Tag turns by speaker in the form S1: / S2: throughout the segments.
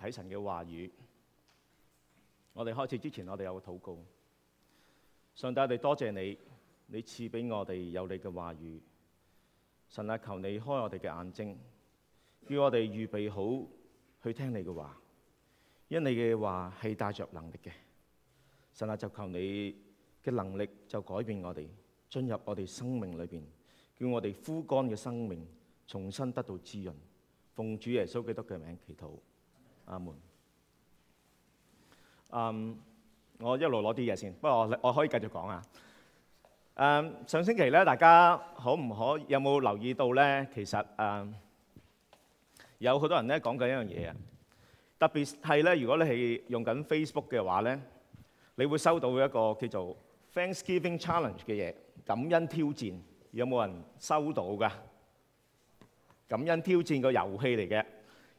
S1: 睇神嘅話語，我哋開始之前，我哋有個禱告。上帝，我哋多謝你，你賜俾我哋有你嘅話語。神啊，求你開我哋嘅眼睛，叫我哋預備好去聽你嘅話，因為你嘅話係帶着能力嘅。神啊，就求你嘅能力就改變我哋，進入我哋生命裏邊，叫我哋枯乾嘅生命重新得到滋潤。奉主耶穌基督嘅名祈禱。阿、啊、門、嗯。我一路攞啲嘢先，不過我我可以繼續講啊、嗯。上星期咧，大家可唔可有冇留意到咧？其實、嗯、有好多人咧講緊一樣嘢啊。特別係咧，如果你係用緊 Facebook 嘅話咧，你會收到一個叫做 Thanksgiving Challenge 嘅嘢，感恩挑戰。有冇人收到㗎？感恩挑戰的個遊戲嚟嘅。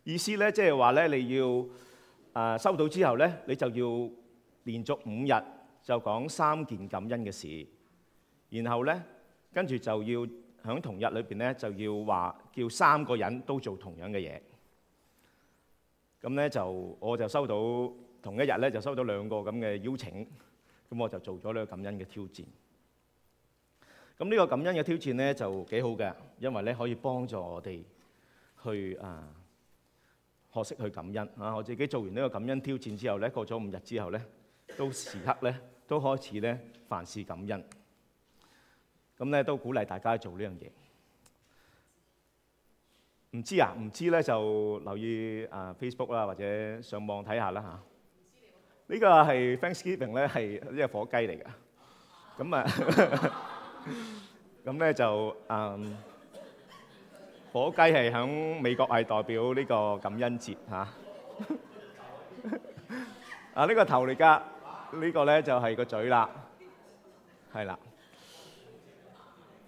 S1: 意思咧，即係話咧，你要啊收到之後咧，你就要連續五日就講三件感恩嘅事，然後咧跟住就要喺同一日裏邊咧就要話叫三個人都做同樣嘅嘢。咁咧就我就收到同一日咧就收到兩個咁嘅邀請，咁我就做咗呢個感恩嘅挑戰。咁呢個感恩嘅挑戰咧就幾好嘅，因為咧可以幫助我哋去啊。學識去感恩啊！我自己做完呢個感恩挑戰之後咧，過咗五日之後咧，都時刻咧都開始咧凡事感恩。咁咧都鼓勵大家做呢樣嘢。唔知啊？唔知咧就留意啊 Facebook 啦，或者上網睇下啦嚇。呢個係 Thanksgiving 咧係呢隻火雞嚟㗎。咁啊，咁咧就嗯。火雞係喺美國係代表呢個感恩節嚇。啊，呢 個頭嚟㗎，呢個咧就係個嘴啦，係啦。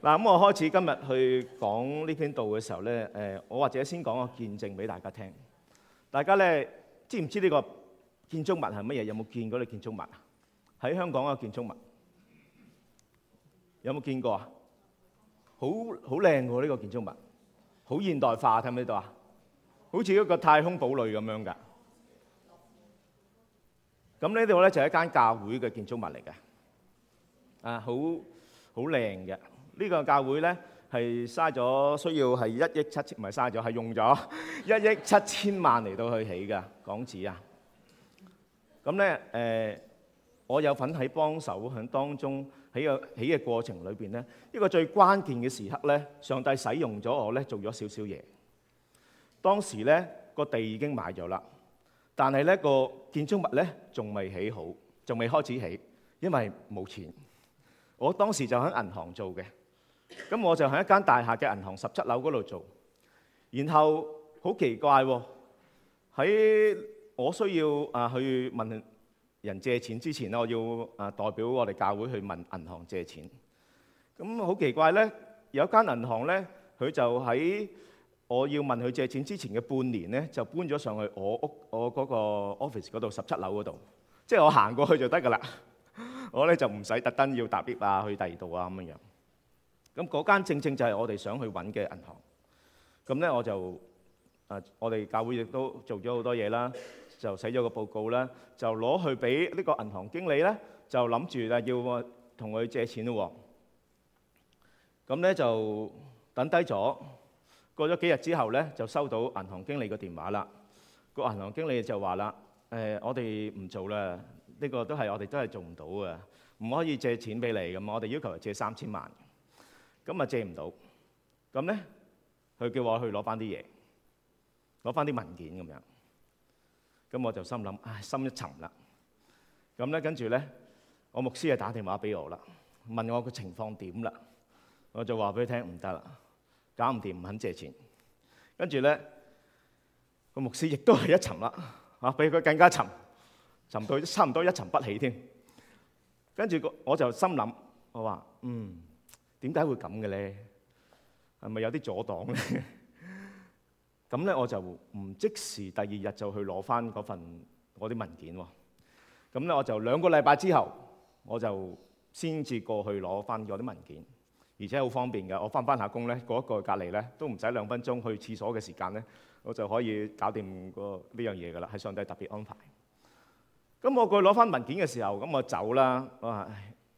S1: 嗱，咁我開始今日去講呢篇道嘅時候咧，誒，我或者先講個見證俾大家聽。大家咧知唔知呢個建築物係乜嘢？有冇見過呢個建築物啊？喺香港嘅建築物有冇見過啊？好好靚喎，呢個建築物。好現代化，睇唔睇到啊？好似一個太空堡壘咁樣嘅。咁呢度咧就係一間教會嘅建築物嚟嘅，啊，好好靚嘅。呢個教會咧係嘥咗需要係一億七千，唔係嘥咗係用咗一億七千萬嚟到去起嘅港紙啊。咁咧誒，我有份喺幫手喺當中。喺個起嘅過程裏邊咧，一個最關鍵嘅時刻咧，上帝使用咗我咧，做咗少少嘢。當時咧個地已經買咗啦，但係咧個建築物咧仲未起好，仲未開始起，因為冇錢。我當時就喺銀行做嘅，咁我就喺一間大廈嘅銀行十七樓嗰度做。然後好奇怪喎、哦，喺我需要啊去問人借錢之前咧，我要啊代表我哋教會去問銀行借錢。咁好奇怪咧，有一間銀行咧，佢就喺我要問佢借錢之前嘅半年咧，就搬咗上去我屋我嗰個 office 嗰度十七樓嗰度，即係我行過去就得㗎啦。我咧就唔使特登要搭 b i f t 啊去第二度啊咁樣樣。咁嗰間正正就係我哋想去揾嘅銀行。咁咧我就啊，我哋教會亦都做咗好多嘢啦。就寫咗個報告啦，就攞去俾呢個銀行經理咧，就諗住啊要我同佢借錢喎。咁咧就等低咗，過咗幾日之後咧，就收到銀行經理個電話啦。個銀行經理就話啦：誒，我哋唔做啦，呢個都係我哋都係做唔到嘅，唔可以借錢俾你咁。我哋要求借三千萬，咁啊借唔到。咁咧，佢叫我去攞翻啲嘢，攞翻啲文件咁樣。咁我就心諗，唉，心一沉啦。咁咧，跟住咧，我牧師就打電話俾我啦，問我個情況點啦。我就話俾佢聽，唔得啦，搞唔掂，唔肯借錢。跟住咧，個牧師亦都係一沉啦，嚇俾佢更加沉，沉到差唔多一沉不起添。跟住個我就心諗，我話，嗯，點解會咁嘅咧？係咪有啲阻擋咧？咁咧，我就唔即時，第二日就去攞翻嗰份嗰啲文件喎。咁咧我就兩個禮拜之後，我就先至過去攞翻嗰啲文件，而且好方便嘅。我翻翻下工咧，過一個隔離咧，都唔使兩分鐘去廁所嘅時間咧，我就可以搞掂個呢樣嘢㗎啦。係上帝特別安排。咁我過去攞翻文件嘅時候，咁我走啦。我話：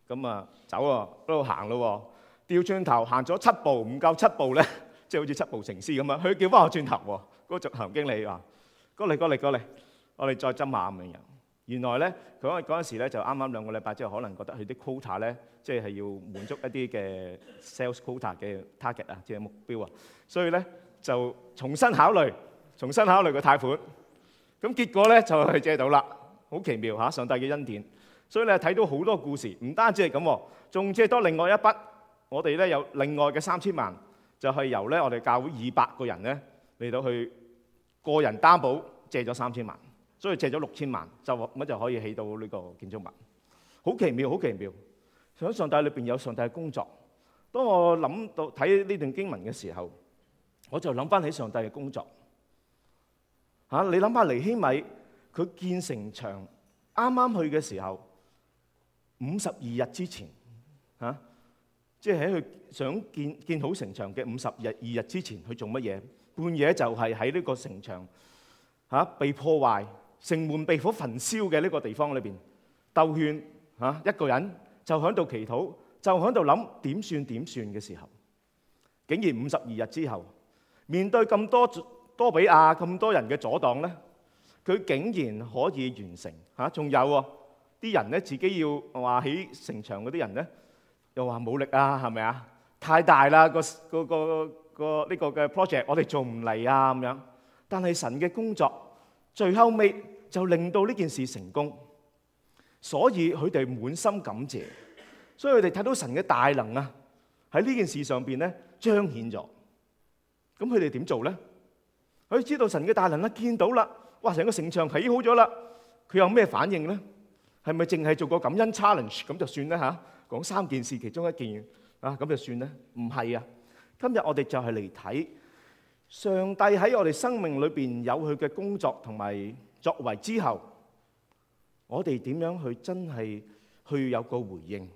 S1: 咁啊走喎，嗰度行咯。掉轉頭行咗七步，唔夠七步咧。即係好似七步成詩咁樣，佢叫翻我轉頭喎，嗰個執行經理話：過嚟過嚟過嚟，我哋再斟下咁樣樣。原來咧，嗰嗰陣時咧就啱啱兩個禮拜之後，可能覺得佢啲 quota 咧，即係係要滿足一啲嘅 sales quota 嘅 target 啊，即係目標啊，所以咧就重新考慮，重新考慮個貸款。咁結果咧就係借到啦，好奇妙嚇！上帝嘅恩典，所以咧睇到好多故事，唔單止係咁，仲借多另外一筆，我哋咧有另外嘅三千萬。就係、是、由咧，我哋教會二百個人咧嚟到去個人擔保借咗三千萬，所以借咗六千萬就乜就可以起到呢個建築物。好奇妙，好奇妙！想上帝裏邊有上帝嘅工作。當我諗到睇呢段經文嘅時候，我就諗翻起上帝嘅工作。嚇！你諗下尼希米佢建城牆，啱啱去嘅時候，五十二日之前嚇。即係喺佢想建建好城牆嘅五十二日之前去做乜嘢？半夜就係喺呢個城牆，嚇、啊、被破壞、城門被火焚燒嘅呢個地方裏邊鬥勸嚇一個人，就喺度祈禱，就喺度諗點算點算嘅時候，竟然五十二日之後面對咁多多比亞咁多人嘅阻擋咧，佢竟然可以完成嚇。仲、啊、有喎啲人咧，自己要話起城牆嗰啲人咧。又話冇力啊，係咪啊？太大啦，個個個個呢個嘅 project，我哋做唔嚟啊咁樣。但係神嘅工作最後尾就令到呢件事成功，所以佢哋滿心感謝。所以佢哋睇到神嘅大能啊，喺呢件事上邊咧彰顯咗。咁佢哋點做咧？佢知道神嘅大能啦，見到啦，哇！成個城牆起好咗啦，佢有咩反應咧？係咪淨係做個感恩 challenge 咁就算啦吓？講三件事，其中一件啊，咁就算啦，唔係啊！今日我哋就係嚟睇上帝喺我哋生命裏邊有佢嘅工作同埋作為之後，我哋點樣去真係去有個回應？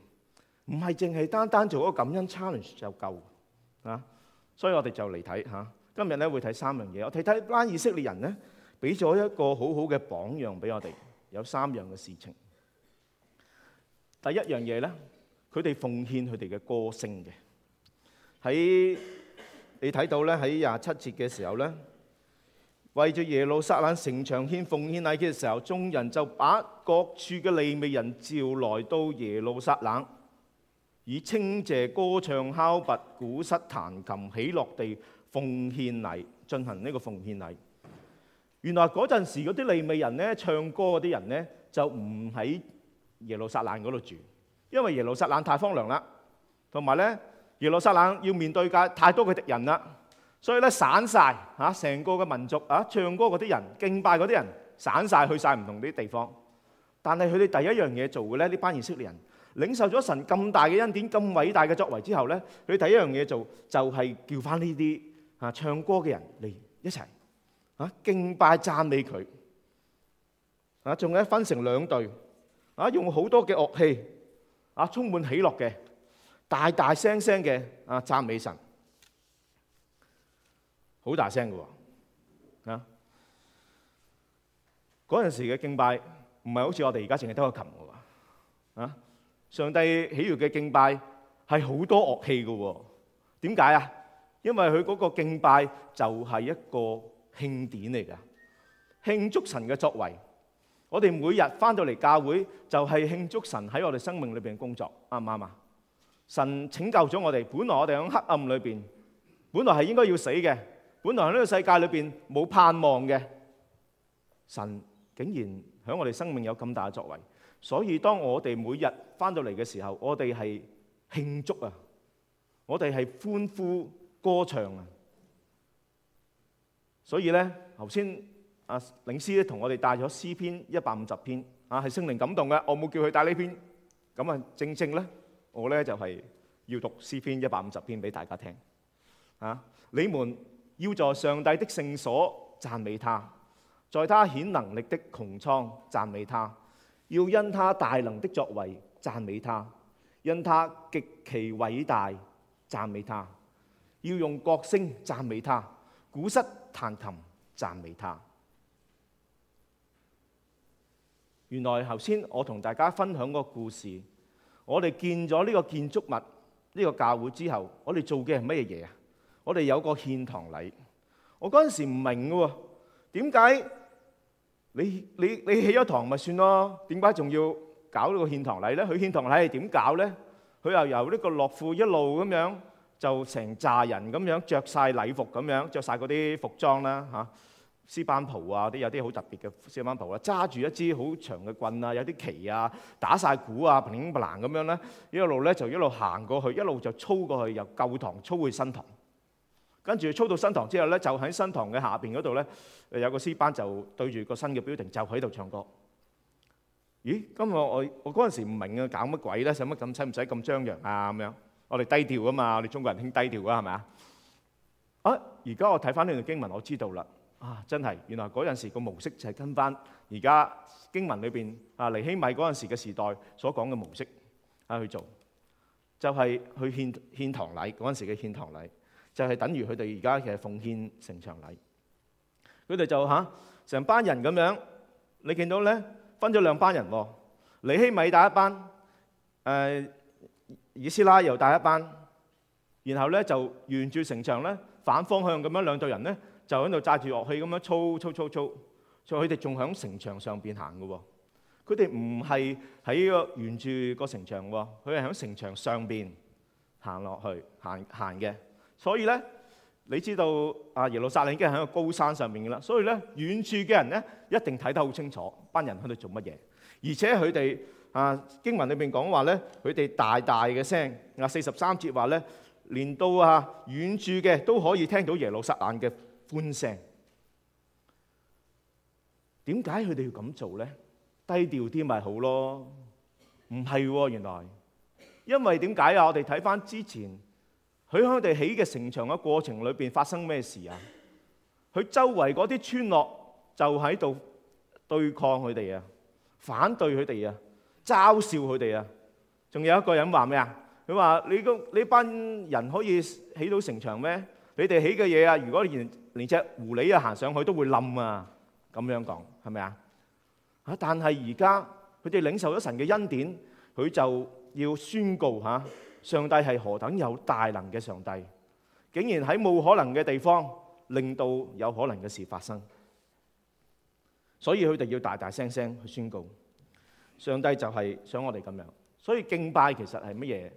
S1: 唔係淨係單單做一個感恩 challenge 就夠啊！所以我哋就嚟睇吓，今日咧會睇三樣嘢。我睇睇班以色列人咧，俾咗一個好好嘅榜樣俾我哋，有三樣嘅事情。第一樣嘢咧。佢哋奉獻佢哋嘅歌聲嘅，喺你睇到咧，喺廿七節嘅時候咧，為咗耶路撒冷城牆獻奉獻禮嘅時候，眾人就把各處嘅利未人召來到耶路撒冷，以稱謝歌唱、敲鈸鼓瑟、彈琴、起落地奉獻禮，進行呢個奉獻禮。原來嗰陣時嗰啲利未人咧，唱歌嗰啲人咧，就唔喺耶路撒冷嗰度住。因為耶路撒冷太荒涼啦，同埋咧，耶路撒冷要面對嘅太多嘅敵人啦，所以咧，散曬嚇成個嘅民族啊，唱歌嗰啲人、敬拜嗰啲人散曬去曬唔同啲地方。但係佢哋第一樣嘢做嘅咧，呢班以色列人領受咗神咁大嘅恩典、咁偉大嘅作為之後咧，佢第一樣嘢做就係叫返呢啲嚇唱歌嘅人嚟一齊嚇敬拜讚美佢啊！仲有分成兩隊啊，用好多嘅樂器。啊！充滿喜樂嘅，大大聲聲嘅啊，讚美神，好大聲㗎喎！啊，嗰陣時嘅敬拜唔係好似我哋而家淨係得個琴嘅喎，啊！上帝喜悅嘅敬拜係好多樂器㗎喎，點解啊？因為佢嗰個敬拜就係一個慶典嚟㗎，慶祝神嘅作為。我哋每日翻到嚟教會就係慶祝神喺我哋生命裏邊工作，啱唔啱啊？神拯救咗我哋，本來我哋喺黑暗裏邊，本來係應該要死嘅，本來喺呢個世界裏邊冇盼望嘅，神竟然喺我哋生命有咁大嘅作為，所以當我哋每日翻到嚟嘅時候，我哋係慶祝啊，我哋係歡呼歌唱啊，所以咧頭先，剛才啊，領詩咧同我哋帶咗詩篇一百五十篇，啊係聖靈感動嘅，我冇叫佢帶呢篇，咁啊正正咧，我咧就係、是、要讀詩篇一百五十篇俾大家聽。啊，你們要在上帝的聖所讚美他，在他顯能力的穹蒼讚美他，要因他大能的作為讚美他，因他極其偉大讚美他，要用角聲讚美他，鼓瑟彈琴讚美他。原來頭先我同大家分享個故事，我哋建咗呢個建築物、呢個教會之後，我哋做嘅係乜嘢啊？我哋有個獻堂禮。我嗰陣時唔明嘅喎，點解你你你起咗堂咪算咯？點解仲要搞呢個獻堂禮咧？佢獻堂禮係點搞咧？佢又由呢個落庫一路咁樣就成扎人咁樣著曬禮服，咁樣著曬嗰啲服裝啦嚇。詩班袍啊！啲有啲好特別嘅詩班袍啊，揸住一支好長嘅棍啊，有啲旗啊，打晒鼓啊，乒乒乓啷咁樣咧，一路咧就一路行過去，一路就操過去，由舊堂操去新堂，跟住操到新堂之後咧，就喺新堂嘅下邊嗰度咧，有個詩班就對住個新嘅標亭就喺度唱歌。咦？今日我我嗰陣時唔明，不用不用啊，搞乜鬼咧？使乜咁，使唔使咁張揚啊？咁樣我哋低調啊嘛，我哋中國人興低調啊，係咪啊？啊！而家我睇翻呢段經文，我知道啦。啊！真係，原來嗰陣時個模式就係跟翻而家經文裏邊啊尼希米嗰陣時嘅時代所講嘅模式啊去做，就係、是、去獻獻堂禮嗰陣時嘅獻堂禮，就係、是、等於佢哋而家嘅奉獻城牆禮。佢哋就吓成、啊、班人咁樣，你見到咧分咗兩班人，尼希米帶一班，誒、呃、以斯拉又帶一班，然後咧就沿住城牆咧反方向咁樣兩隊人咧。就喺度揸住樂器咁樣操操操操，所以佢哋仲喺城牆上邊行㗎喎。佢哋唔係喺個沿住個城牆喎，佢係喺城牆上邊行落去行行嘅。所以咧，你知道啊，耶路撒冷已經喺個高山上面嘅啦。所以咧，遠處嘅人咧一定睇得好清楚，班人喺度做乜嘢。而且佢哋啊，經文裏邊講話咧，佢哋大大嘅聲啊，四十三節話咧，連到啊遠處嘅都可以聽到耶路撒冷嘅歡聲，點解佢哋要咁做咧？低調啲咪好咯？唔係，原來因為點解啊？我哋睇翻之前，佢喺佢哋起嘅城牆嘅過程裏邊發生咩事啊？佢周圍嗰啲村落就喺度對抗佢哋啊，反對佢哋啊，嘲笑佢哋啊。仲有一個人話咩啊？佢話你呢班人可以起到城牆咩？你哋起嘅嘢啊，如果連連隻狐狸啊行上去都會冧啊，咁樣講係咪啊？啊！但係而家佢哋領受咗神嘅恩典，佢就要宣告吓，上帝係何等有大能嘅上帝，竟然喺冇可能嘅地方令到有可能嘅事發生，所以佢哋要大大聲聲去宣告，上帝就係想我哋咁樣。所以敬拜其實係乜嘢？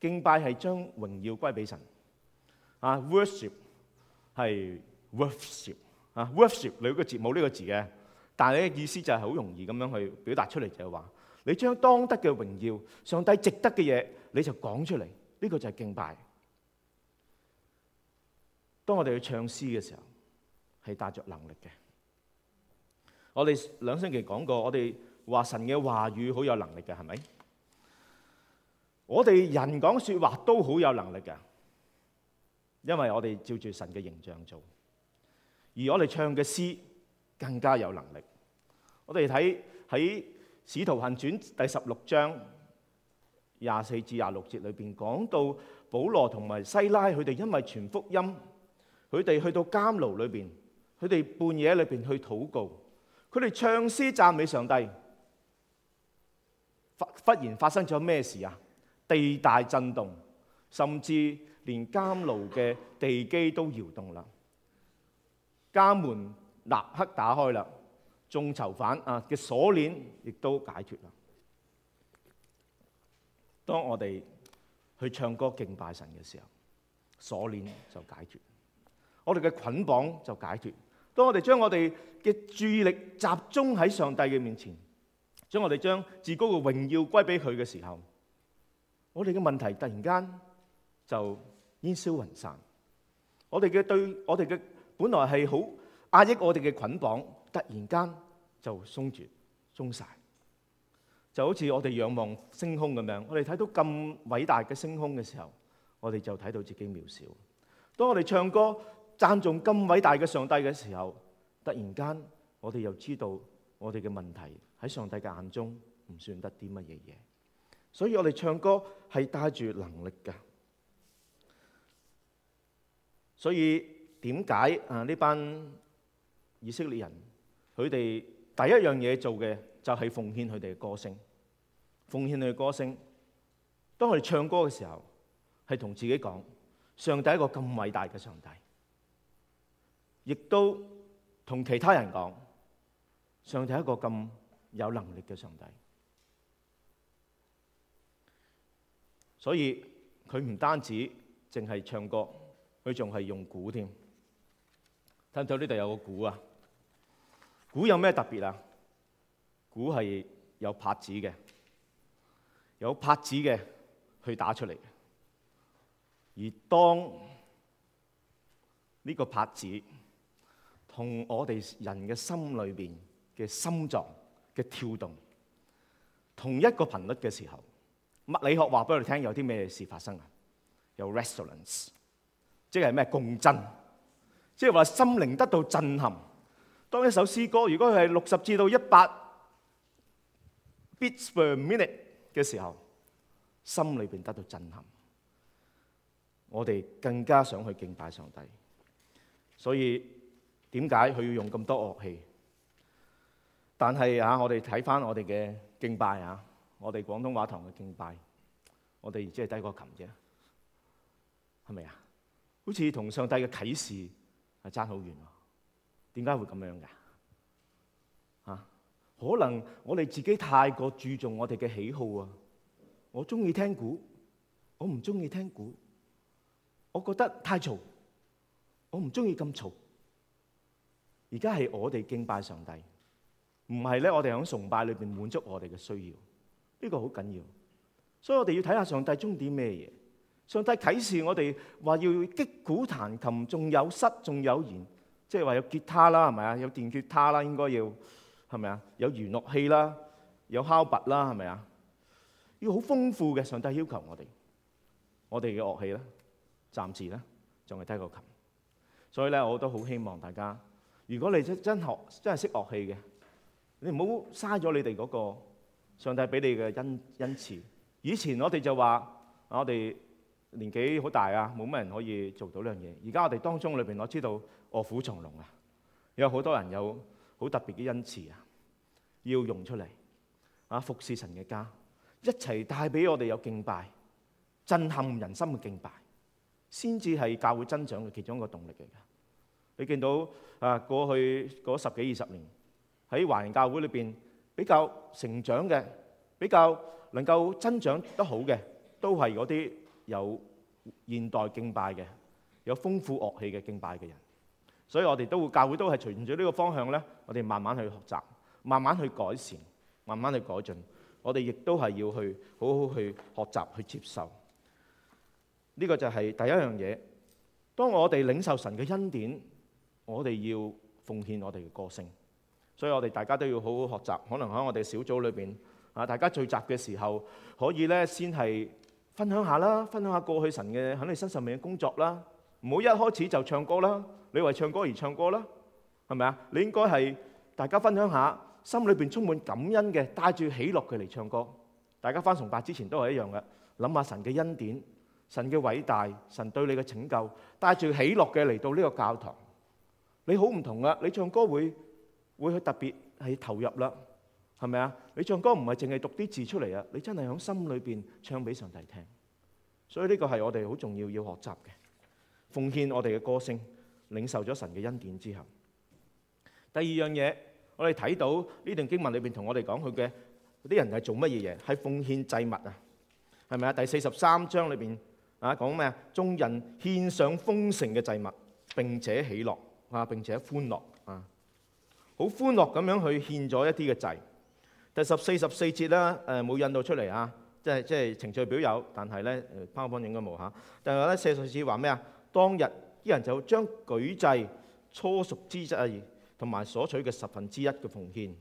S1: 敬拜係將榮耀歸俾神。啊，worship 係 worship 啊，worship 你呢個字冇呢個字嘅，但係你嘅意思就係好容易咁樣去表達出嚟，就係話你將當得嘅榮耀、上帝值得嘅嘢，你就講出嚟，呢個就係敬拜。當我哋去唱詩嘅時候，係帶着能力嘅。我哋兩星期講過，我哋話神嘅話語好有能力嘅，係咪？我哋人講說話都好有能力嘅。因為我哋照住神嘅形象做，而我哋唱嘅詩更加有能力。我哋睇喺《使徒行傳》第十六章廿四至廿六節裏邊講到，保羅同埋西拉佢哋因為傳福音，佢哋去到監牢裏邊，佢哋半夜裏邊去禱告，佢哋唱詩讚美上帝。忽忽然發生咗咩事啊？地大震動，甚至……連監牢嘅地基都搖動啦，監門立刻打開啦，眾囚犯啊嘅鎖鏈亦都解脫啦。當我哋去唱歌敬拜神嘅時候，鎖鏈就解脫，我哋嘅捆綁就解脫。當我哋將我哋嘅注意力集中喺上帝嘅面前，當我哋將至高嘅榮耀歸俾佢嘅時候，我哋嘅問題突然間就～煙消雲散，我哋嘅對我哋嘅，本來係好壓抑我哋嘅捆綁，突然間就鬆絕鬆晒，就好似我哋仰望星空咁樣，我哋睇到咁偉大嘅星空嘅時候，我哋就睇到自己渺小。當我哋唱歌讚頌咁偉大嘅上帝嘅時候，突然間我哋又知道我哋嘅問題喺上帝嘅眼中唔算得啲乜嘢嘢，所以我哋唱歌係帶住能力㗎。所以點解啊？呢班以色列人佢哋第一樣嘢做嘅就係奉獻佢哋嘅歌聲，奉獻佢嘅歌聲。當佢哋唱歌嘅時候，係同自己講上帝一個咁偉大嘅上帝，亦都同其他人講上帝一個咁有能力嘅上帝。所以佢唔單止淨係唱歌。佢仲係用鼓添，聽到呢度有個鼓啊！鼓有咩特別啊？鼓係有拍子嘅，有拍子嘅去打出嚟。而當呢個拍子同我哋人嘅心裏邊嘅心臟嘅跳動同一個頻率嘅時候，物理學話俾我哋聽，有啲咩事發生啊？有 resonance。即係咩共振？即係話心靈得到震撼。當一首詩歌如果佢係六十至到一百 beats per minute 嘅時候，心裏邊得到震撼，我哋更加想去敬拜上帝。所以點解佢要用咁多樂器？但係啊，我哋睇翻我哋嘅敬拜啊！我哋廣東話堂嘅敬拜，我哋即係低個琴啫，係咪啊？好似同上帝嘅啟示係爭好遠啊。點解會咁樣㗎？嚇，可能我哋自己太過注重我哋嘅喜好啊！我中意聽鼓，我唔中意聽鼓，我覺得太嘈，我唔中意咁嘈。而家係我哋敬拜上帝，唔係咧我哋喺崇拜裏邊滿足我哋嘅需要。呢個好緊要，所以我哋要睇下上帝中意啲咩嘢。上帝啟示我哋話要擊鼓彈琴，仲有瑟，仲有弦，即係話有吉他啦，係咪啊？有電吉他啦，應該要係咪啊？有弦樂器啦，有敲鈸啦，係咪啊？要好豐富嘅。上帝要求我哋，我哋嘅樂器咧，暫時咧仲係低過琴，所以咧我都好希望大家，如果你真學真學真係識樂器嘅，你唔好嘥咗你哋嗰個上帝俾你嘅恩恩賜。以前我哋就話我哋。年紀好大啊，冇乜人可以做到呢樣嘢。而家我哋當中裏邊，我知道臥虎藏龍啊，有好多人有好特別嘅恩賜啊，要用出嚟啊，服侍神嘅家，一齊帶俾我哋有敬拜，震撼人心嘅敬拜，先至係教會增長嘅其中一個動力嚟㗎。你見到啊，過去嗰十幾二十年喺華人教會裏邊比較成長嘅，比較能夠增長得好嘅，都係嗰啲。有現代敬拜嘅，有豐富樂器嘅敬拜嘅人，所以我哋都會教會都係隨住呢個方向呢，我哋慢慢去學習，慢慢去改善，慢慢去改進。我哋亦都係要去好好去學習，去接受。呢個就係第一樣嘢。當我哋領受神嘅恩典，我哋要奉獻我哋嘅歌聲。所以我哋大家都要好好學習。可能喺我哋小組裏邊啊，大家聚集嘅時候，可以呢先係。分享下啦，分享下過去神的，肯定身上面的工作。唔好一開始就唱歌啦，你為唱歌而唱歌啦，係咪呀？你應該係大家分享下，心裏面充滿感恩嘅，帶住喜樂嘅嚟唱歌。大家返崇拜之前都係一樣嘅，諗下神嘅恩典，神嘅偉大，係咪啊？你唱歌唔係淨係讀啲字出嚟啊，你真係響心裏邊唱俾上帝聽。所以呢個係我哋好重要要學習嘅，奉獻我哋嘅歌聲，領受咗神嘅恩典之後。第二樣嘢，我哋睇到呢段經文裏邊同我哋講佢嘅嗰啲人係做乜嘢嘢？係奉獻祭物啊，係咪啊？第四十三章裏邊啊講咩啊？眾人獻上豐盛嘅祭物，並且喜樂啊，並且歡樂啊，好歡樂咁樣去獻咗一啲嘅祭。第十四十四節啦，誒冇印到出嚟啊，即係即係程序表有，但係咧拋框應該冇嚇。但係咧，四十四節話咩啊？當日啲人就將舉祭、初熟之祭同埋所取嘅十分之一嘅奉獻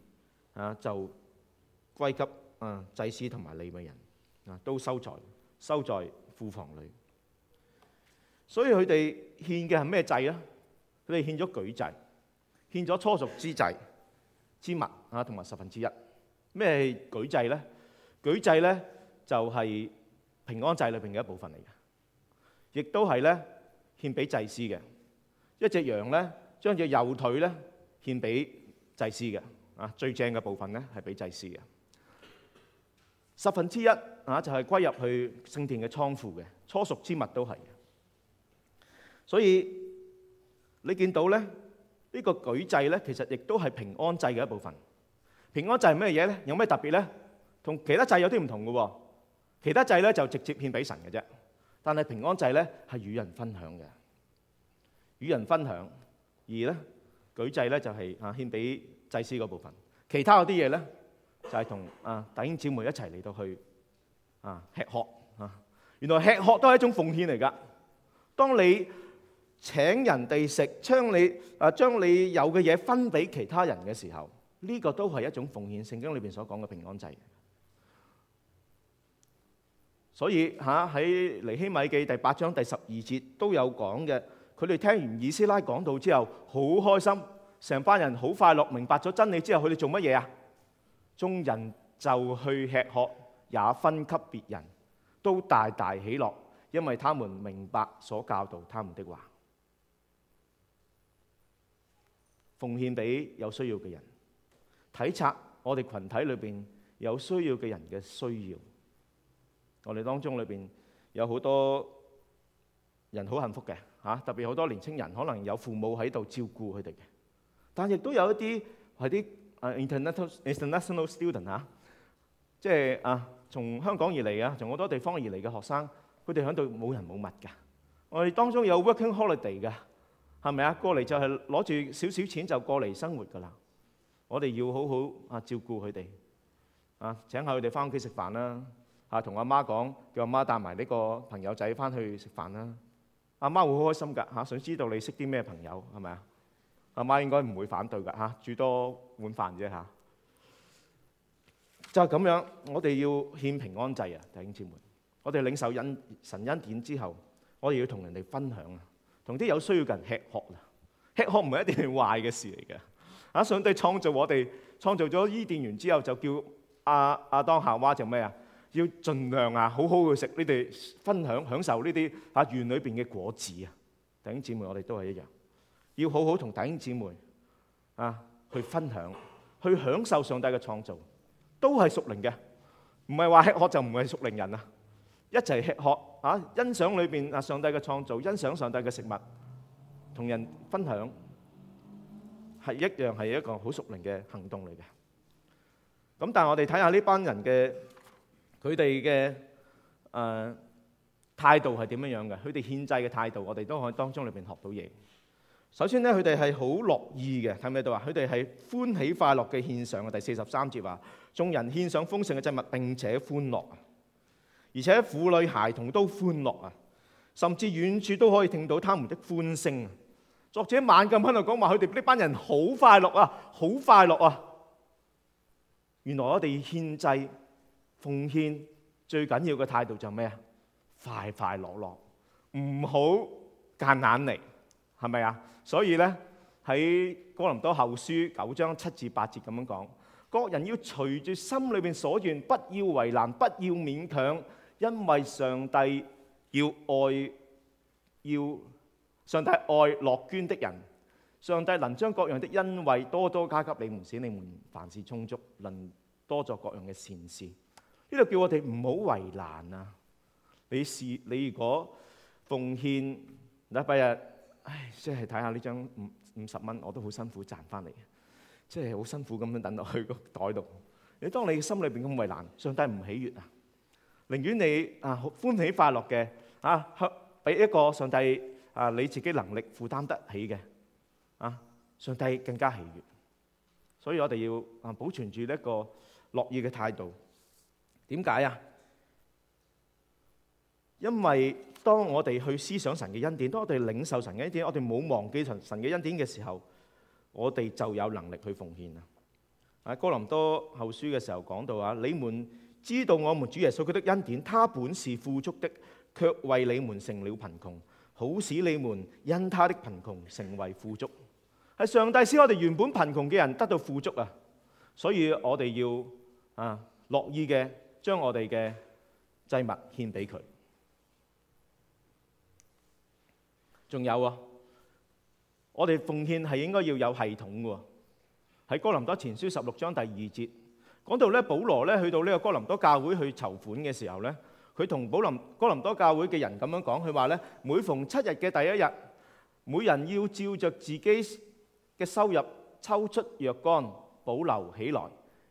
S1: 啊，就歸給啊祭司同埋利未人啊，都收在收在庫房裏。所以佢哋獻嘅係咩祭咧？佢哋獻咗舉祭，獻咗初熟之祭之物啊，同埋十分之一。咩舉祭咧？舉祭咧就係平安祭裏面嘅一部分嚟嘅，亦都係咧獻俾祭司嘅。一隻羊咧，將隻右腿咧獻俾祭司嘅。啊，最正嘅部分咧係俾祭司嘅，十分之一啊就係歸入去聖殿嘅倉庫嘅，初熟之物都係。所以你見到咧呢個舉祭咧，其實亦都係平安祭嘅一部分。平安祭係咩嘢咧？有咩特別咧？同其他祭有啲唔同㗎喎。其他祭咧就直接獻俾神嘅啫，但係平安祭咧係與人分享嘅，與人分享。而咧舉祭咧就係啊獻俾祭司嗰部分。其他嗰啲嘢咧就係同啊弟兄姊妹一齊嚟到去啊吃喝啊。原來吃喝都係一種奉獻嚟噶。當你請人哋食，將你啊將你有嘅嘢分俾其他人嘅時候。呢個都係一種奉獻，聖經裏邊所講嘅平安祭。所以嚇喺尼希米記第八章第十二節都有講嘅，佢哋聽完以斯拉講道之後，好開心，成班人好快樂，明白咗真理之後，佢哋做乜嘢啊？眾人就去吃喝，也分給別人都大大喜樂，因為他們明白所教導他們的話，奉獻俾有需要嘅人。體察我哋群體裏邊有需要嘅人嘅需要，我哋當中裏邊有好多人好幸福嘅嚇，特別好多年青人可能有父母喺度照顧佢哋嘅，但亦都有一啲係啲 international student 嚇，即係啊從香港而嚟啊，從好多地方而嚟嘅學生，佢哋喺度冇人冇物㗎。我哋當中有 working holiday 噶，係咪啊？過嚟就係攞住少少錢就過嚟生活㗎啦。我哋要好好啊照顧佢哋啊，請下佢哋翻屋企食飯啦！啊，同阿媽講，叫阿媽帶埋呢個朋友仔翻去食飯啦！阿媽會好開心㗎嚇，想知道你識啲咩朋友係咪啊？阿媽應該唔會反對㗎嚇，煮多碗飯啫嚇。就係咁樣，我哋要獻平安祭啊，弟兄姊妹！我哋領受恩神恩典之後，我哋要同人哋分享啊，同啲有需要嘅人吃喝啦。吃喝唔係一定係壞嘅事嚟嘅。啊！上帝創造我哋，創造咗伊甸園之後，就叫阿阿當夏娃做咩啊？要盡量啊，好好去食呢啲分享、享受呢啲啊園裏邊嘅果子啊！弟兄姊妹，我哋都係一樣，要好好同弟兄姊妹啊去分享、去享受上帝嘅創造，都係屬靈嘅，唔係話吃喝就唔係屬靈人啊！一齊吃喝啊，欣賞裏邊啊上帝嘅創造，欣賞上帝嘅食物，同人分享。係一樣，係一個好熟練嘅行動嚟嘅。咁但係我哋睇下呢班人嘅佢哋嘅誒態度係點樣樣嘅？佢哋獻祭嘅態度，我哋都可以當中裏邊學到嘢。首先咧，佢哋係好樂意嘅，睇唔睇到啊？佢哋係歡喜快樂嘅獻上啊！第四十三節話：眾人獻上豐盛嘅祭物，並且歡樂啊！而且婦女孩童都歡樂啊！甚至遠處都可以聽到他們的歡聲作者猛咁喺度講話，佢哋呢班人好快樂啊，好快樂啊！原來我哋獻祭、奉獻最緊要嘅態度就係咩啊？快快樂樂，唔好夾硬嚟，係咪啊？所以咧，喺哥林多後書九章七至八節咁樣講，各人要隨住心裏邊所願，不要為難，不要勉強，因為上帝要愛，要。上帝愛樂捐的人，上帝能將各樣的恩惠多多加給你們，使你們凡事充足，能多作各樣嘅善事。呢度叫我哋唔好為難啊！你是你如果奉獻禮拜日，唉，即係睇下呢張五五十蚊，我都好辛苦賺翻嚟嘅，即係好辛苦咁樣等落去個袋度。你當你心裏邊咁為難，上帝唔喜悅啊！寧願你啊歡喜快樂嘅啊，俾一個上帝。啊！你自己能力負擔得起嘅啊，上帝更加喜悅，所以我哋要啊保存住呢一個樂意嘅態度。點解啊？因為當我哋去思想神嘅恩典，當我哋領受神嘅恩典，我哋冇忘記神神嘅恩典嘅時候，我哋就有能力去奉獻啦。喺哥林多後書嘅時候講到啊，你們知道我們主耶穌基督的恩典，他本是富足的，卻為你們成了貧窮。好使你們因他的貧窮成為富足，係上帝使我哋原本貧窮嘅人得到富足啊！所以我哋要啊樂意嘅將我哋嘅祭物獻俾佢。仲有啊，我哋奉獻係應該要有系統嘅喎。喺哥林多前書十六章第二節講到咧，保羅咧去到呢個哥林多教會去籌款嘅時候咧。佢同保林哥林多教會嘅人咁樣講，佢話咧：每逢七日嘅第一日，每人要照着自己嘅收入抽出若干保留起來，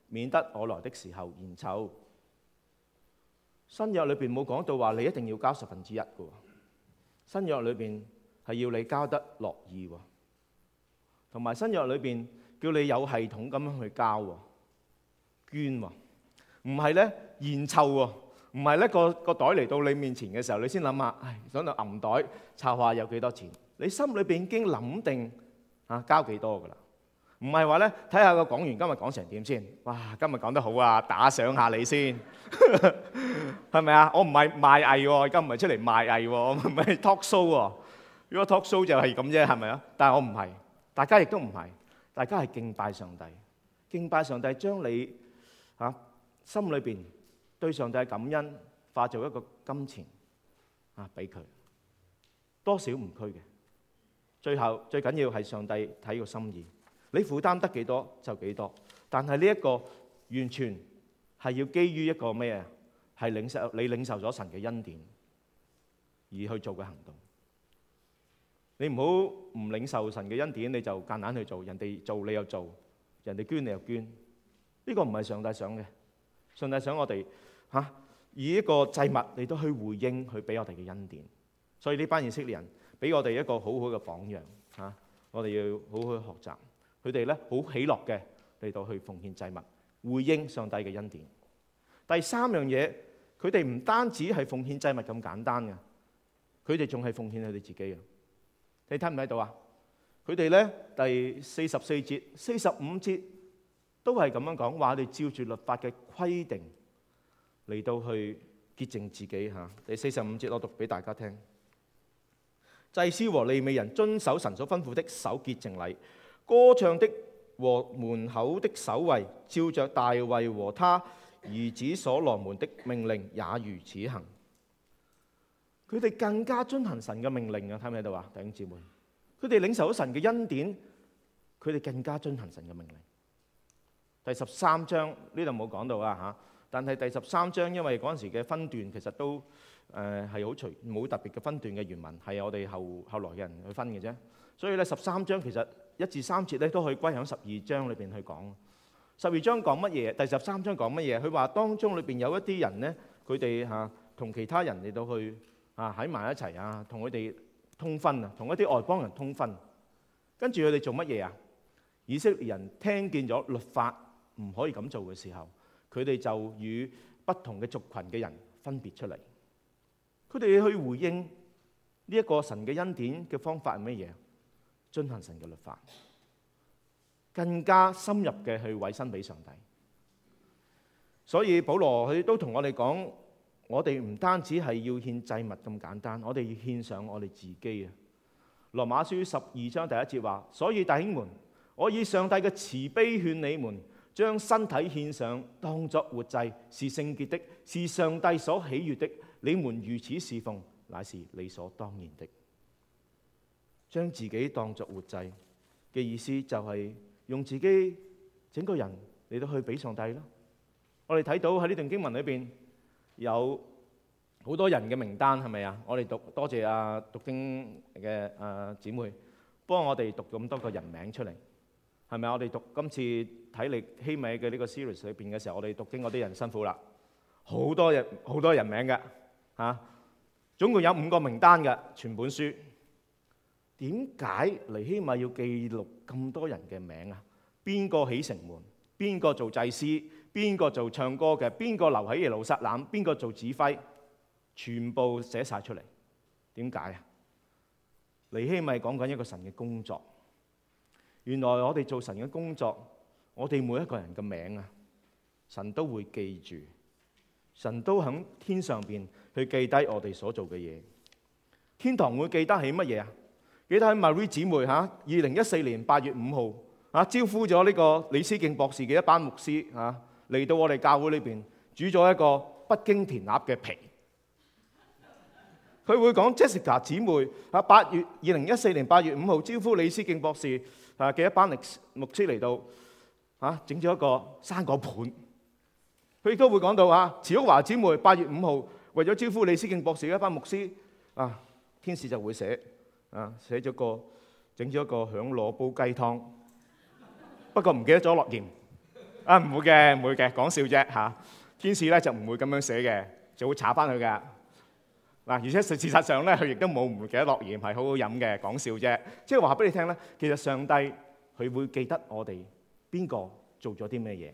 S1: 免得我來的時候現湊。新約裏邊冇講到話你一定要交十分之一嘅喎，新約裏邊係要你交得樂意喎，同埋新約裏邊叫你有系統咁樣去交喎，啊啊，捐喎。唔係咧現湊喎，啊。唔係咧，個個袋嚟到你面前嘅時候，你先諗下，唉，想度銀袋查下有幾多錢。你心裏邊已經諗定嚇交幾多噶啦？唔係話咧，睇下個講員今日講成點先。哇，今日講得好啊，打賞下你先，係咪啊？我唔係賣藝喎，今日唔係出嚟賣藝喎，唔係 talk show 喎。如果 talk show 就係咁啫，係咪啊？但係我唔係，大家亦都唔係，大家係敬拜上帝，敬拜上帝將你嚇心裏邊。對上帝感恩，化做一個金錢啊，俾佢多少唔拘嘅。最後最緊要係上帝睇個心意，你負擔得幾多就幾多。但係呢一個完全係要基於一個咩啊？係領受你領受咗神嘅恩典而去做嘅行動。你唔好唔領受神嘅恩典，你就夾硬去做。人哋做你又做，人哋捐你又捐，呢個唔係上帝想嘅。上帝想我哋。嚇！以一個祭物嚟到去回應佢俾我哋嘅恩典，所以呢班以色列人俾我哋一個好好嘅榜樣嚇。我哋要好好學習佢哋咧，好喜樂嘅嚟到去奉獻祭物，回應上帝嘅恩典。第三樣嘢，佢哋唔單止係奉獻祭物咁簡單嘅，佢哋仲係奉獻佢哋自己嘅。你睇唔睇到啊？佢哋咧第四十四節、四十五節都係咁樣講話，我哋照住律法嘅規定。嚟到去潔淨自己嚇。第四十五節，我讀俾大家聽。 祭司和利未人遵守神所吩咐的守潔淨禮，歌唱的和門口的守衛，照着大衛和他兒子所羅門的命令也如此行。佢哋更加遵行神嘅命令啊！睇唔睇到啊，弟兄姊妹？佢哋領受神嘅恩典，佢哋更加遵行神嘅命令。第十三章呢度冇講到啊嚇。但係第十三章，因為嗰陣時嘅分段其實都誒係好隨冇特別嘅分段嘅，原文，係我哋後後來嘅人去分嘅啫。所以咧，十三章其實一至三節咧都可以歸響十二章裏邊去講。十二章講乜嘢？第十三章講乜嘢？佢話當中裏邊有一啲人咧，佢哋嚇同其他人嚟到去嚇喺埋一齊啊，同佢哋通婚啊，同一啲外邦人通婚。跟住佢哋做乜嘢啊？以色列人聽見咗律法唔可以咁做嘅時候。佢哋就與不同嘅族群嘅人分別出嚟。佢哋去回應呢一個神嘅恩典嘅方法係乜嘢？遵行神嘅律法，更加深入嘅去委身俾上帝。所以保羅佢都同我哋講，我哋唔單止係要獻祭物咁簡單，我哋要獻上我哋自己啊。羅馬書十二章第一節話：「所以弟兄們，我以上帝嘅慈悲勸你們。將身體獻上，當作活祭，是聖潔的，是上帝所喜悅的。你們如此侍奉，乃是理所當然的。將自己當作活祭嘅意思，就係用自己整個人嚟到去俾上帝咯。我哋睇到喺呢段經文裏邊有好多人嘅名單，係咪啊？我哋讀，多謝呀，讀經嘅誒姊妹幫我哋讀咁多個人名出嚟，係咪？我哋讀今次。睇尼希米嘅呢個 series 裏邊嘅時候，我哋讀經嗰啲人辛苦啦，好多人好多人名嘅㗎、啊，總共有五個名單嘅全本書。點解尼希米要記錄咁多人嘅名啊？邊個起城門？邊個做祭司？邊個做唱歌嘅？邊個留喺耶路撒冷？邊個做指揮？全部寫晒出嚟。點解啊？尼希米講緊一個神嘅工作。原來我哋做神嘅工作。我哋每一個人嘅名啊，神都會記住，神都喺天上邊去記低我哋所做嘅嘢。天堂會記得起乜嘢啊？記得起 Mary 姊妹嚇，二零一四年八月五號啊，招呼咗呢個李思敬博士嘅一班牧師啊，嚟到我哋教會裏邊煮咗一個北京填鴨嘅皮。佢會講 Jessica 姐妹啊，八月二零一四年八月五號招呼李思敬博士啊嘅一班牧牧師嚟到。啊！整咗一個生果盤，佢亦都會講到啊。慈玉華姊妹八月五號為咗招呼李思敬博士一班牧師啊，天使就會寫啊，寫咗個整咗個響螺煲雞湯，不過唔記得咗落鹽啊，唔會嘅，唔會嘅，講笑啫嚇。天使咧就唔會咁樣寫嘅，就會查翻佢噶嗱。而且實事實上咧，佢亦都冇唔記得落鹽，係好好飲嘅，講笑啫。即係話俾你聽咧，其實上帝佢會記得我哋。邊個做咗啲咩嘢？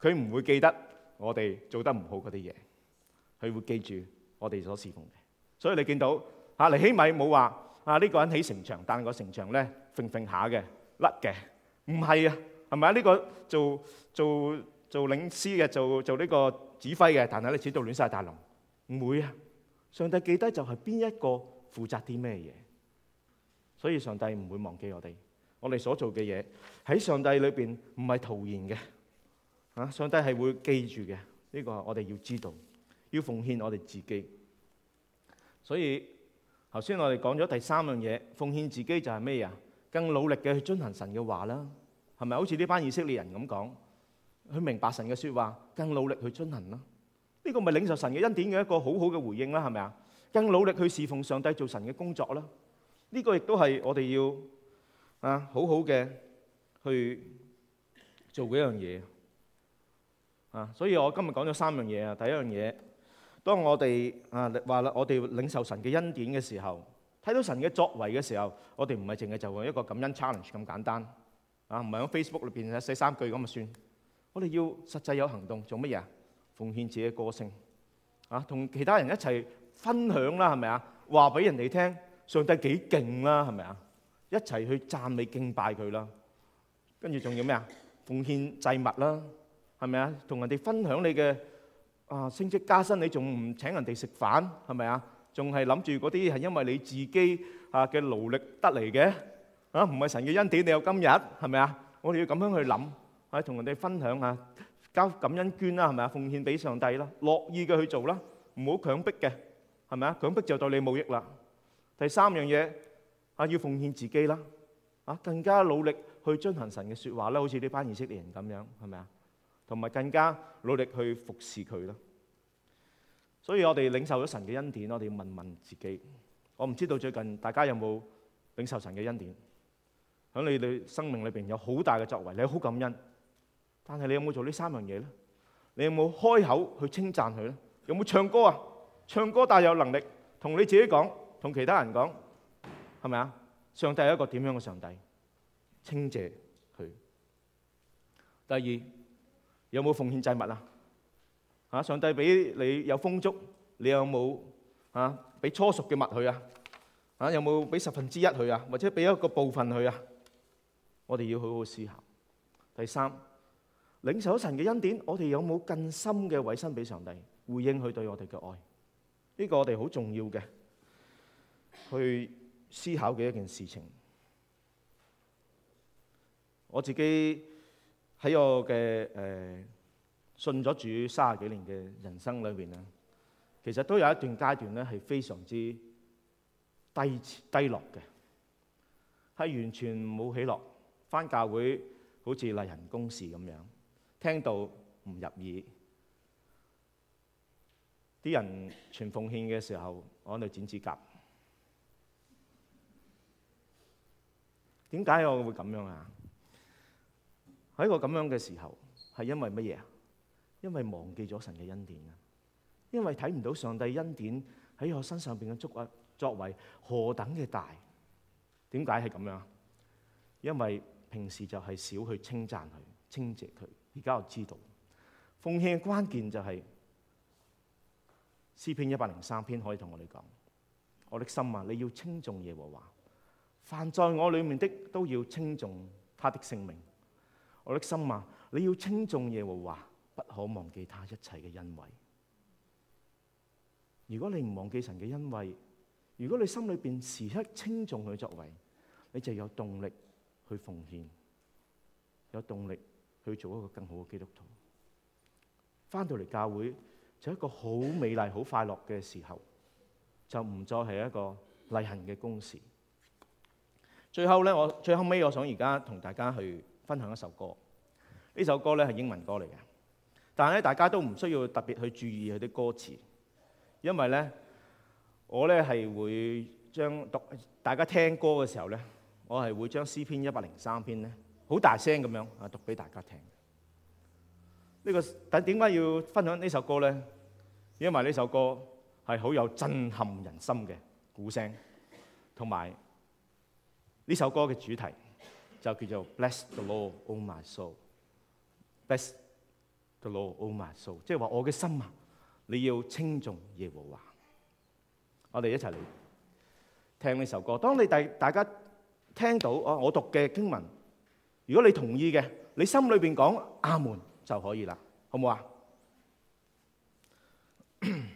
S1: 佢唔會記得我哋做得唔好嗰啲嘢，佢會記住我哋所侍奉嘅。所以你見到啊，尼希米冇話啊呢、啊這個人起城牆，但係個城牆咧揈揈下嘅，甩嘅，唔係啊，係咪啊？呢、這個做做做，做領詩嘅，做做呢個指揮嘅，但係咧始做亂晒大龍，唔會啊！上帝記得就係邊一個負責啲咩嘢，所以上帝唔會忘記我哋。我哋所做嘅嘢喺上帝裏邊唔係徒然嘅，啊！上帝係會記住嘅，呢個我哋要知道，要奉獻我哋自己。所以頭先我哋講咗第三樣嘢，奉獻自己就係咩啊？更努力嘅去遵行神嘅話啦，係咪？好似呢班以色列人咁講，佢明白神嘅說話，更努力去遵行啦。呢個咪係領受神嘅恩典嘅一個好好嘅回應啦，係咪啊？更努力去侍奉上帝做神嘅工作啦。呢個亦都係我哋要。啊，好好嘅去做幾樣嘢啊！所以我今日講咗三樣嘢啊。第一樣嘢，當我哋啊話啦，我哋領受神嘅恩典嘅時候，睇到神嘅作為嘅時候，我哋唔係淨係就做一個感恩 challenge 咁簡單啊，唔係喺 Facebook 裏邊寫三句咁就算。我哋要實際有行動，做乜嘢？奉獻自己嘅個性啊，同其他人一齊分享啦，係咪啊？話俾人哋聽，上帝幾勁啦，係咪啊？一齊去讚美敬拜佢啦，跟住仲要咩啊？奉獻祭物啦，係咪啊？同人哋分享你嘅啊升職加薪，你仲唔請人哋食飯？係咪啊？仲係諗住嗰啲係因為你自己啊嘅勞力得嚟嘅啊？唔係神嘅恩典，你有今日係咪啊？我哋要咁樣去諗，係同人哋分享下，交感恩捐啦，係咪啊？奉獻俾上帝啦，樂意嘅去做啦，唔好強迫嘅，係咪啊？強迫就對你冇益啦。第三樣嘢。啊！要奉獻自己啦，啊，更加努力去遵行神嘅說話啦。好似呢班以色列人咁樣，係咪啊？同埋更加努力去服侍佢啦。所以我哋領受咗神嘅恩典，我哋要問問自己：我唔知道最近大家有冇領受神嘅恩典？喺你哋生命裏面有好大嘅作為，你好感恩，但係你有冇做呢三樣嘢咧？你有冇開口去稱讚佢咧？有冇唱歌啊？唱歌大有能力，同你自己講，同其他人講。係咪啊？上帝係一個點樣嘅上帝？稱謝佢。第二，有冇奉獻祭物啊？啊，上帝俾你有豐足，你有冇啊？俾初熟嘅物佢啊？啊，有冇俾十分之一佢啊？或者俾一個部分佢啊？我哋要好好思考。第三，領受咗神嘅恩典，我哋有冇更深嘅委身俾上帝，回應佢對我哋嘅愛？呢個我哋好重要嘅。去。思考嘅一件事情，我自己喺我嘅、呃、信咗主三十幾年嘅人生裏面，咧，其實都有一段階段咧係非常之低低落嘅，係完全冇起落。返教會好似例行公事咁樣，聽到唔入耳，啲人全奉獻嘅時候，我喺度剪指甲。點解我會咁樣啊？喺個咁樣嘅時候，係因為乜嘢啊？因為忘記咗神嘅恩典啊！因為睇唔到上帝恩典喺我身上邊嘅足啊，作為何等嘅大？點解係咁樣啊？因為平時就係少去稱讚佢、稱謝佢。而家我知道奉獻嘅關鍵就係、是、詩篇一百零三篇可以同我哋講，我的心啊，你要稱頌耶和華。凡在我裏面的都要稱頌他的聖名。我的心嘛、啊，你要稱頌耶和華，不可忘記他一切嘅恩惠。如果你唔忘記神嘅恩惠，如果你心裏邊時刻稱頌佢作為，你就有動力去奉獻，有動力去做一個更好嘅基督徒。返到嚟教會就一個好美麗、好快樂嘅時候，就唔再係一個例行嘅公事。最後咧，我最後尾我想而家同大家去分享一首歌。呢首歌咧係英文歌嚟嘅，但係咧大家都唔需要特別去注意佢啲歌詞，因為咧我咧係會將讀大家聽歌嘅時候咧，我係會將 C 篇一百零三篇咧好大聲咁樣啊讀俾大家聽。呢、這個點點解要分享呢首歌咧？因為呢首歌係好有震撼人心嘅鼓聲同埋。呢首歌嘅主題就叫做 Bless the Lord, O my soul. Bless the Lord, O my soul。Lord, my soul. 即係話我嘅心啊，你要稱頌耶和華。我哋一齊嚟聽呢首歌。當你大家聽到我讀嘅經文，如果你同意嘅，你心裏面講阿門就可以啦，好唔好啊？